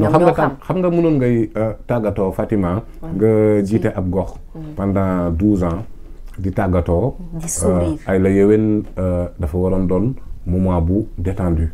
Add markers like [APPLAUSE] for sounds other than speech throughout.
ñoo xam nga xam nga mënoon ngay euh, tàggatoo Fatima. nga jiite ab gox. Mm. pendant douze ans di tàggatoo. ay la yewen dafa waroon doon moment bu détendu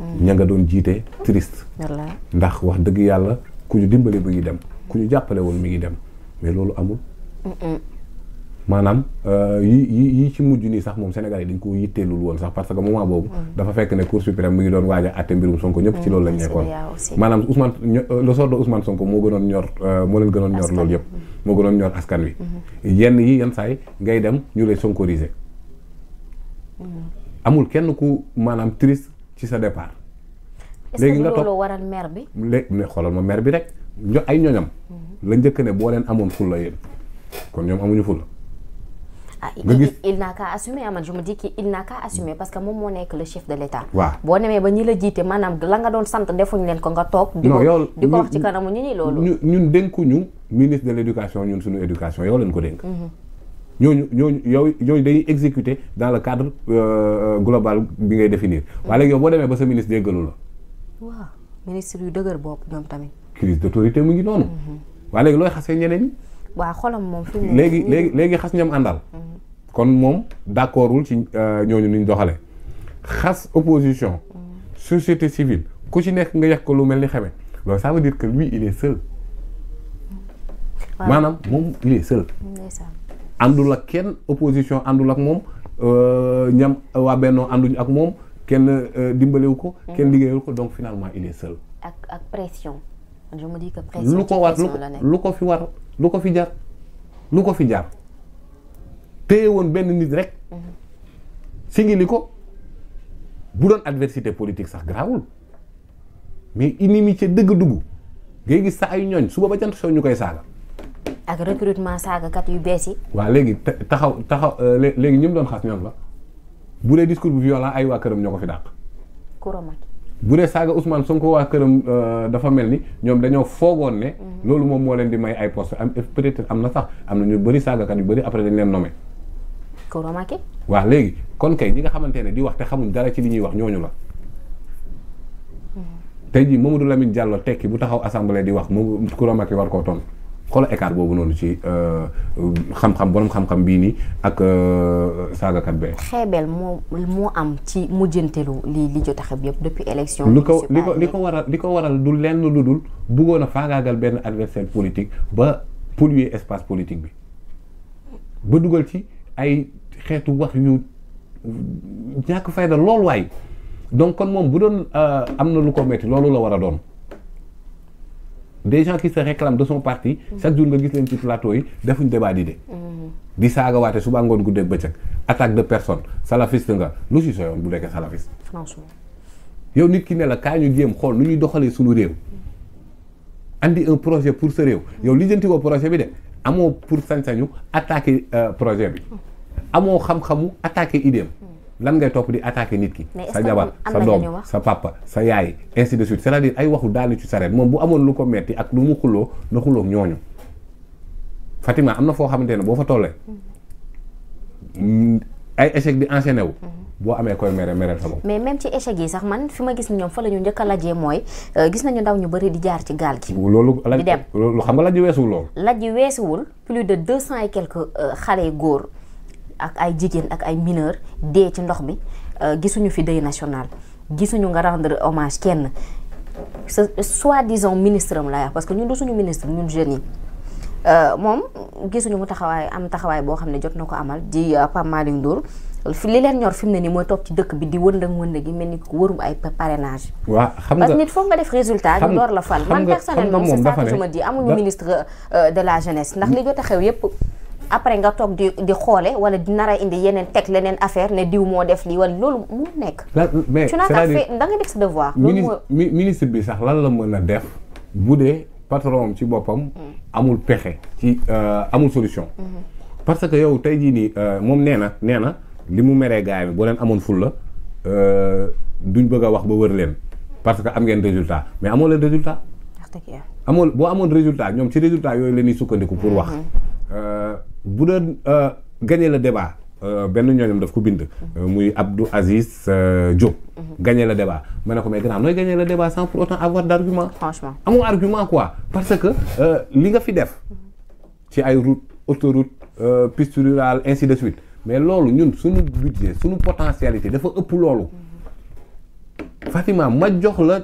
mm. ña nga doon jiite triste. ndax wax dëgg yàlla ku ñu dimbale bu ngi dem ku ñu jàppale woon mi ngi dem mais loolu amul. maanaam euh, yi yi ci mujj nii sax moom Sénégal yi dañ ko yitteelul woon sax parce que moment boobu mm. dafa fekk ne Cour suprême mi ngi doon waaj a àtte mbirum Sonko ñëpp ci loolu lañ mm. nekkoon maanaam Ousmane euh, le sort de Ousmane moo gënoon ñor euh, moo leen gënoon ñor loolu yëpp moo gënoon ñor askan wi mm-hmm. yenn yi yenn saay ngay dem ñu lay sonkoriser mm-hmm. amul kenn ku maanaam triste ci sa départ léegi nga toog waral maire bi léegi xoolal ma maire bi rek ay ñoñam mm-hmm. la njëkk ne boo leen amoon fulla yéen kon ñoom amuñu fulla Ah, nga gis il n'a qu'à assumer man je me dis que il n'a qu'à assumer parce que moom moo nekk le chef de l'état waaw boo demee ba ñi la jiite maanaam la nga doon sant defuñ leen ko nga toog di ko wax ci kanamu ñi ñi loolu ñun dénkuñu ministre de l'éducation ñun suñu éducation yow leen ko dénk mhm. ñooñu ñooñu dañuy exécuter dans le cadre euh, euh, global bi ngay définir mhm. waaye léegi yow boo demee ba sa ministre déggalu la ministre yu dëgër bopp ñoom tamit crise d'autorité mu ngi noonu mhm. waaye léegi looy xasee waaw xolam moom fi léegi léegi léegi xas ñoom àndal. Mm-hmm. kon moom d'accordul ci euh, ñooñu nuñ doxalee xas opposition. Mm-hmm. société civile ku ci nekk nga yàq ko lu mel ni xeme loolu ça veut dire que lui il est seul. maanaam moom il est seul. àndul ak kenn opposition àndul ak moom euh, ñam waa bennoo ànduñ ak moom kenn euh, dimbalewu ko. kenn mm-hmm. liggéeyal ko donc finalement il est seul. ak ak pression. je me dis que pression lu ko war lu ko fi war lu ko fi jar lu ko fi jar téye woon benn nit rek mhm. singili ko bu doon adversité politique sax garaawul mais inimitié dëgg dugg ngay gis sa ay ñooñ suba ba jant soo ñu koy saaga ak recrutement saagakat yu bees yi waa léegi taxaw taxaw euh, léegi ñi mu doon xas ñoom la bu dee discours bu violent ay waa këram ñoo ko fi dàq bu dee saaga Ousmane ko waa këram euh, dafa mel ni ñoom dañoo foogoon ne. Mhm. loolu moom moo leen di may ay poste am peut-être am na sax am na ñu bëri saagakat yu bari après dañ leen nommé. ko remarqué. waaw léegi kon kay ñi nga xamante ne di wax te xamuñ dara ci li ñuy wax ñooñu la. Mhm. tey jii Mamadou Lamine Diallo tekki bu taxaw assemblée di wax moom ku remarqué war koo tontu. xoola écart boobu noonu ci euh, xam-xam borom xam-xam bii nii ak euh, saagakat bee. xeebel moo moo am ci mujjantelu li li jot a xeeb yëpp li ko li ko li ko waral li ko waral du lenn lu dul bëggoon a faagaagal benn adversaire politique ba polluer espace politique bi ba dugal ci ay xeetu wax yu ñàkk fayda lool waay donc kon moom bu doon euh, am na lu ko metti loolu la war a doon. des gens qui se réclament de son parti chaque jour nga gis leen ci plateau yi defuñ débat d'idées mm-hmm. di saagawaate suba ngoon guddee bëccëg attaque de personne salafiste nga lu si sooyoon bu nekkee salafiste franchement yow nit ki ne la kaa ñu jéem xool nu ñuy doxalee suñu réew andi un projet pour sa réew yow lijjanti woo projet bi de amoo pour sañ-sañu attaquer euh, projet bi mm-hmm. amoo xam-xamu attaquer idéem lan ngay topp di attaquer nit ki sa jabar sa doom sa papa sa yaay ainsi de suite cest à ay waxu daanu ci sareet moom bu amoon lu ko metti ak lu mu xuloo na xuloog ñooñu Fatima am na foo xamante ne boo fa tollee ay échec di enchaîné wu boo amee koy mere mereel sa bopp mais même ci échec yi sax man fi ma gis ni ñoom fa la ñu njëkk mooy euh, gis nañu ndaw ñu bari di jaar ci gaal gi loolu di dem loolu xam nga di weesuwul loolu lajj weesuwul plus de cent et quelques euh, yu góor ak ay jigéen ak ay mineur dee ci ndox bi euh, gisuñu fi deuil national gisuñu nga rendre hommage kenn sa soi-disant ministre am laa wax parce que ñu du suñu ministre ñu jeunes yi euh, moom gisuñu mu taxawaay am taxawaay boo xam ne jot na ko amal di euh, Pape Malick Ndour fi li leen ñor fi mu ne nii mooy toog ci dëkk bi di wëndëg wëndëg gi mel ni wërum ay parrainage. waaw xam nga parce que nit foog nga def résultat. ñu door la fal man personnellement c'est ça que je me dis amuñu ministre de la jeunesse ndax li jot a après nga toog di di xoole wala di nar a indi yeneen teg leneen affaire ne diw moo def lii wala loolu mu nekk. mais c'est-à-dire da nga def sa devoir. ministre bi sax lan la mën a def bu dee patron ci boppam. Mm. amul pexe ci euh, amul solution. Mm-hmm. parce que yow tey jii nii euh, moom nee na nee na li mu meree gaay mi boo leen amoon ful la euh, duñ bëgg a wax ba wër leen parce que am ngeen résultat mais amoo leen résultat. amoo boo amoon résultat ñoom ci résultat yooyu la ñuy sukkandiku pour wax. Mm-hmm. bu doon euh, gagné la débat euh, benn ñooñam daf ko bind. Euh, muy Abdou Aziz Diop. gagné la débat ma ne ko mais grand nooy gagné le débat sans pour autant avoir d' argument. argument quoi parce que li nga fi def ci ay route autoroute piste rurale ainsi de suite mais loolu ñun suñu budget suñu potentialité dafa ëpp loolu. Fatima ma jox la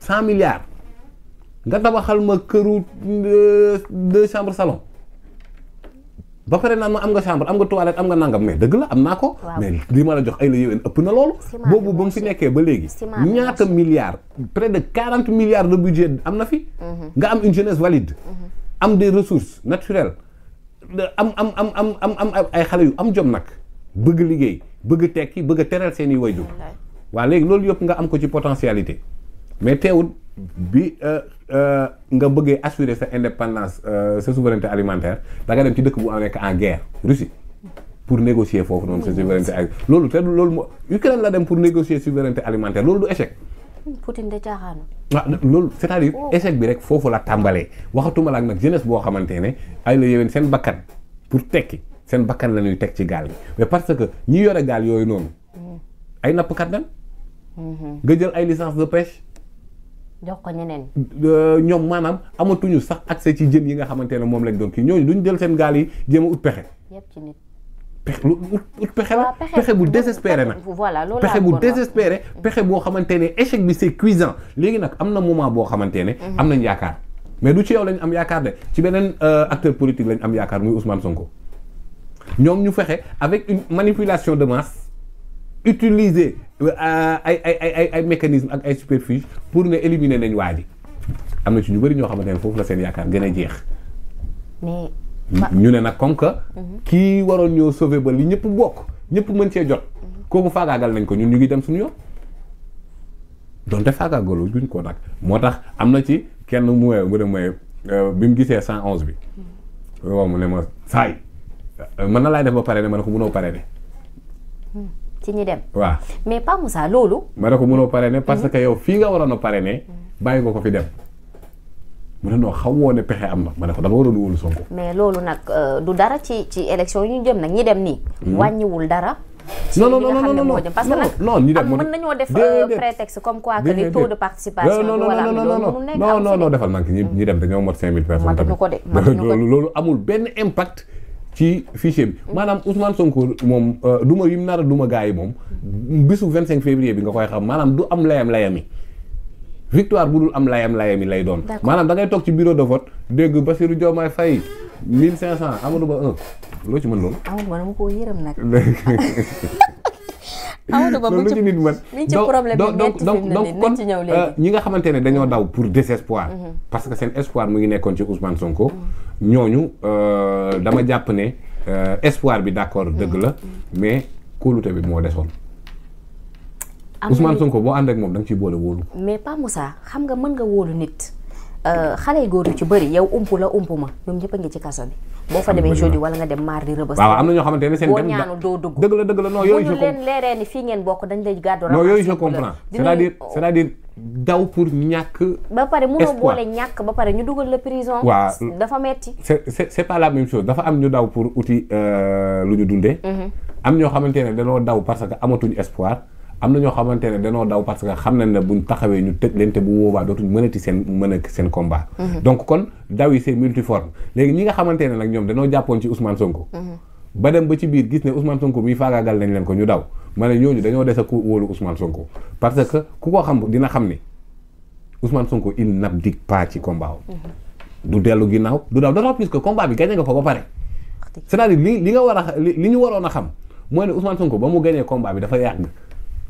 cent milliards nga tabaxal ma këru deux chambres salon. ba pare naan ma am nga chambre am nga toilette am nga nangam mais dëgg la am naa ko. mais li ma la jox ay la yéwén ëpp na loolu. boobu ba mu fi nekkee ba léegi. ñaata milliards. près de quarante milliards de budget am na fi. Mhm. nga am une jeunesse valide. Mhm. am des ressources naturelles. am am am am am am ay xale yu am jom nag bëgg liggéey bëgg tekki bëgg a teral seen i wayjur. waaw léegi loolu yëpp nga am ko ci potentialité mais teewul bi. Euh, Euh, nga bëggee assurer sa indépendance euh, sa souveraineté alimentaire da nga dem ci dëkk bu nekk en guerre Russie pour négocier foofu noonu sa souveraineté alimentaire loolu te loolu moo Ukraine la dem pour négocier souveraineté alimentaire loolu du échec. Poutine de caaxaanu. ah loolu c'est-à-dire oh. échec bi rek foofu la tàmbalee waxatuma la ak nag jeunesse boo xamante ne ay la yéwén seen bakkan pour tekki seen bakkan la ñuy teg ci gaal gi mais parce que ñi yore gaal yooyu noonu. Mm. ay nappkat lan. Mm-hmm. jël ay licence de pêche. jox ko ñeneen. Euh, ñoom maanaam amatuñu sax accès ci jën yi nga xamante ne moom lañ doon kii ñooñu duñ jël seen gaal yi jéem ut pexe. yëpp ci nit. pexe lu ut pexe la pexe bu désespéré nag voilà pexe bu désespéré pexe boo xamante ne échec bi c'est cuisant léegi nag am na moment boo xamante ne. Mhm. am nañ yaakaar mais du ci yow lañ am yaakaar de ci beneen euh, acteur politique lañ am yaakaar muy Ousmane Sonko ñoom ñu fexe avec une manipulation de masse. utiliser euh, ay ay ay ay mécanisme ak ay superfuge pour ne éliminer nañ waa ji am na ci ñu bëri ñoo xamante ne foofu la seen yaakaar gën a jeex. ñu ne nag comme que. Mhm. kii waroon ñoo sauver ba li ñëpp bokk ñëpp mën cee jot. Mhm. kooku faagaagal nañ ko ñun ñu ngi dem suñu yoon. donte faagaagaloo guñ ko nag moo tax am na ci kenn mu mooy mu ne mooy euh, bi mu gisee 111 bi. Mhm. waaw mu ne ma saay mën na laay def ba pare ne ma ne ko mënoo pare ne. ci ñi dem. waaw mais Pa loolu. ma ne ko mënoo parrainer parce mhm. que yow fii nga waroon a parrainer bàyyi nga ko fi dem. mu ne noo xam woon ne pexe am na ma ne ko dama waroon wóolu Sonko. mais loolu nag euh, du dara ci ci élection yi ñu jëm nag ñi dem nii. Mhm. wàññiwul dara. non non non non non parce que nag euh, de participation. non non non non non non defal nank [LAUGHS] loolu amul benn impact. ci fichier bi mm. maanaam Ousmane Sonko moom euh, duma yim nar a duma gars yi moom bisu cinq février bi nga koy xam maanaam du am layam layami victoire bu dul am layam layami lay doon. maanaam da ngay toog ci bureau de vote dégg Bassirou Diomaye Faye 1500 Amadou Ba 1 loo ci mën loolu. Amadou Ba dama ko yërëm nag. [LAUGHS] Amadou Ba mu ci mi ci problème donc donc donc kon euh, ñi nga xamante ne dañoo daw pour désespoir. Mm-hmm. parce que seen espoir mu ngi nekkoon ci Ousmane Sonko. Mm-hmm. ñooñu euh, dama jàpp ne euh, espoir bi d'accord dëgg la mais kóolute bi moo desoon. am Ousmane ko boo ànd ak moom da nga ciy boole wóolu. mais Pa Moussa xam nga mën nga wóolu nit. Eh, xale yu góor yu ci bëri yow ump la ump ma ñoom ñëpp ci kaso bi boo fa demee jeudi wala nga dem mardi rëbës waaw am na ñoo xamante ne seen dem ba pare mënoo boole la prison waaw dafa metti c'est c'est dafa am ñu daw pour outil euh, lu ñu dundee mhm. am ñoo ne dañoo daw parce que amatuñ espoir am na ñoo xamante ne danoo daw parce que xam na ne buñ taxawee ñu tëj leen te bu boobaa dootuñ mënati seen mën a seen combat. Mhm. donc kon daw yi c'est multiforme léegi ñi nga xamante ne nag ñoom danoo jàppoon ci Ousmane Sonko. Mhm. ba dem ba ci biir gis ne Ousmane Sonko mii faagaagal nañ leen ko ñu daw ma ne ñooñu dañoo des a ku wóolu Ousmane Sonko parce que ko dina xam ni Ousmane Sonko il n'abdique pas ci combat mhm. du dellu ginnaaw du daw d'autant plus que combat bi gagné nga ko ba pare. cest à li nga war a li ñu waroon a xam mooy ne Ousmane ba mu gagné combat bi dafa yàgg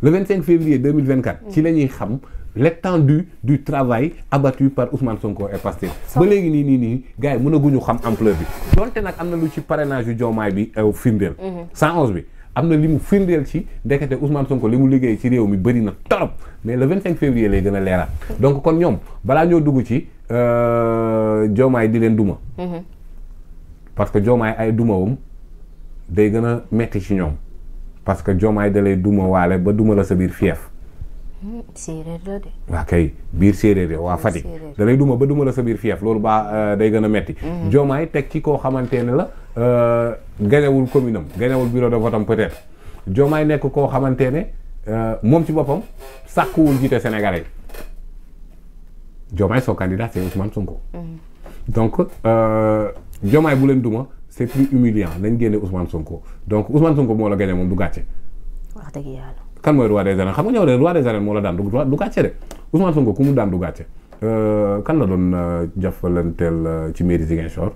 le 25 février 2024. ci la ñuy xam l'étendue du travail abattu par Ousmane Sonko et Pastef. ba léegi nii nii nii gars yi mënaguñu xam ampleur bi. donte nag am na lu ci parrainage yu Diomaye bi euh, firndeel. 111 mhm. bi. am na li mu firndeel ci ndekete Ousmane Sonko li mu liggéey ci réew mi bëri na torop mais le 25 février lay gën a leeraat mhm. donc kon ñoom balaa ñoo dugg ci euh, Diomaye di leen duma mhm. parce que Diomaye ay dumawam day gën a metti ci ñoom parce que Diomaye dalay duma waale ba duma la sa biir fief. waa kay biir séeréer de waa Fatick. dalay duma ba duma la sa biir fief loolu baa euh, day gën a metti. Mm-hmm. Diomaye teg ci koo xamante ne la. Euh, gañewul commune am gañewul bureau de vote am peut-être nekk koo xamante ne euh, moom si boppam sàkkuwul jiite Sénégalais Diomaye son candidat c'est Ousmane Sonko. Mm-hmm. donc Diomaye bu leen duma. c'est plus humiliant nañ génne Ousmane Sonko donc Ousmane Sonko moo la gagné moom du gàcce. wax dëgg yàlla. kan mooy roi des arènes xam nga ñëw ne roi des arènes moo la daan du du gàcce de Ousmane Sonko ku mu daan du gàcce. Euh, kan la doon euh, jafalanteel euh, ci mairie Ziguinchor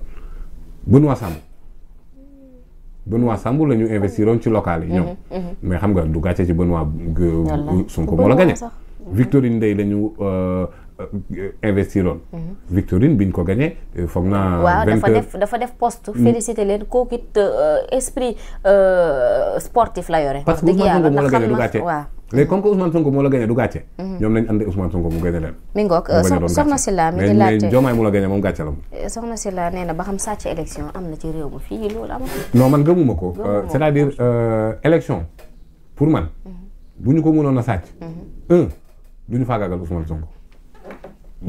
Benoît Sambou Benoît Sambou lañu ñu investiroon ci local yi ñoom. Mm-hmm, mm-hmm. mais xam nga du gàcce ci Benoît Sonko moo la gagné. Victorine Ndeye la Euh, investiroon. Mhm. Victorine biñ ko gagné. Euh, foog naa waaw dafa def dafa def poste. Mm. félicité leen kooku euh, esprit sportif la yore. parce que Ousmane Sonko moo la gagné du gàcce. waaw léegi comme que Ousmane Sonko moo la gagné du mhm. ñoom nañ ànd Ousmane Sonko mu gagné leen. mi ngoog soxna si la mi ngi laajte mais Diomaye la gagné moom gàcce la moom. Eh, soxna si la nee na ba xam sàcc élection am na ci réew mi fii loolu amul. non man gëmuma ko. c'est-à-dire élection pour man. Mhm. bu ñu ko mënoon a sàcc. un du ñu faagaagal Ousmane Sonko